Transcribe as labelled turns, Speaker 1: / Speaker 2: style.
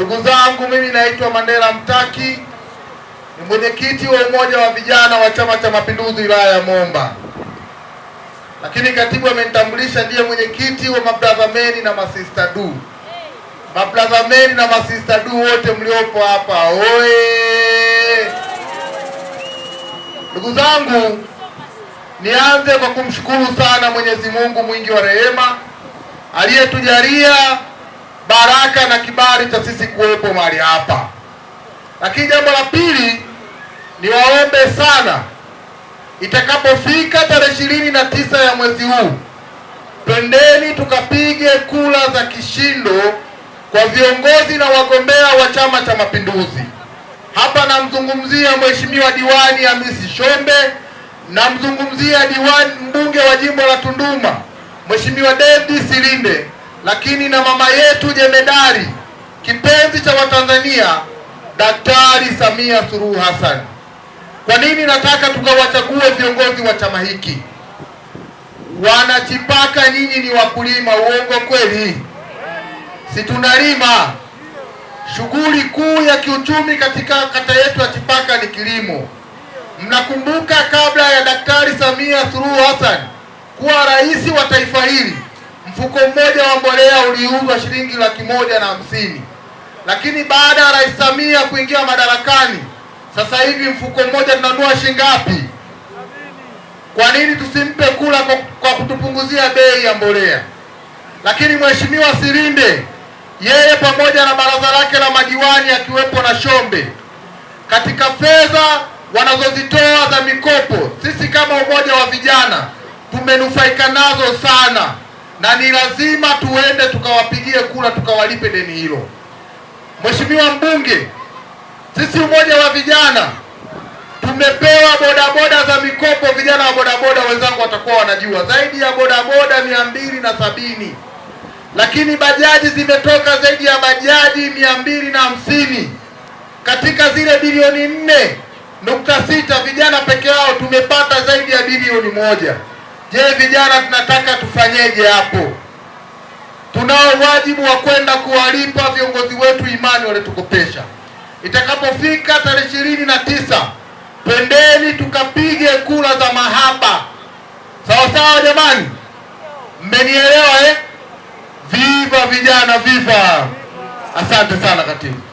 Speaker 1: Ndugu zangu, mimi naitwa Mandela Mtaki, ni mwenyekiti wa umoja wa vijana wa Chama cha Mapinduzi wilaya ya Momba, lakini katibu amenitambulisha ndiye mwenyekiti wa mabrother men na masista du. Mabrother men na masista du wote mliopo hapa oye! Ndugu zangu, nianze kwa kumshukuru sana Mwenyezi Mungu mwingi wa rehema aliyetujalia baraka na kibali cha sisi kuwepo mahali hapa. Lakini jambo la pili niwaombe sana, itakapofika tarehe ishirini na tisa ya mwezi huu, twendeni tukapige kura za kishindo kwa viongozi na wagombea wa Chama cha Mapinduzi. Hapa namzungumzia Mheshimiwa Diwani Hamisi Shombe, namzungumzia diwani mbunge wa jimbo la Tunduma Mheshimiwa David Silinde lakini na mama yetu jemedari kipenzi cha Watanzania Daktari Samia Suluhu Hassan. Kwa nini nataka tukawachague viongozi wa chama hiki? Wanachipaka nyinyi ni wakulima, uongo kweli? Si tunalima. Shughuli kuu ya kiuchumi katika kata yetu ya Chipaka ni kilimo. Mnakumbuka kabla ya Daktari Samia Suluhu Hassan kuwa rais wa taifa hili mfuko mmoja wa mbolea uliuzwa shilingi laki moja na hamsini, lakini baada ya Rais Samia kuingia madarakani sasa hivi mfuko mmoja tunanua shilingi ngapi? Kwa nini tusimpe kula kwa kutupunguzia bei ya mbolea? Lakini Mheshimiwa Silinde yeye pamoja na baraza lake la madiwani akiwepo na Shombe, katika fedha wanazozitoa za mikopo, sisi kama umoja wa vijana tumenufaika nazo sana na ni lazima tuende tukawapigie kura tukawalipe deni hilo. Mheshimiwa mbunge, sisi umoja wa vijana tumepewa bodaboda za mikopo. Vijana wa bodaboda wenzangu watakuwa wanajua zaidi ya bodaboda mia mbili na sabini lakini bajaji zimetoka zaidi ya bajaji mia mbili na hamsini katika zile bilioni nne nukta sita vijana peke yao tumepata zaidi ya bilioni moja. Je, vijana tunataka tufanyeje hapo? Tunao wajibu wa kwenda kuwalipa viongozi wetu imani walitukopesha Itakapofika tarehe ishirini na tisa twendeni tukapige kura za mahaba, sawasawa? Jamani, mmenielewa eh? Viva vijana, viva! Asante sana katibu.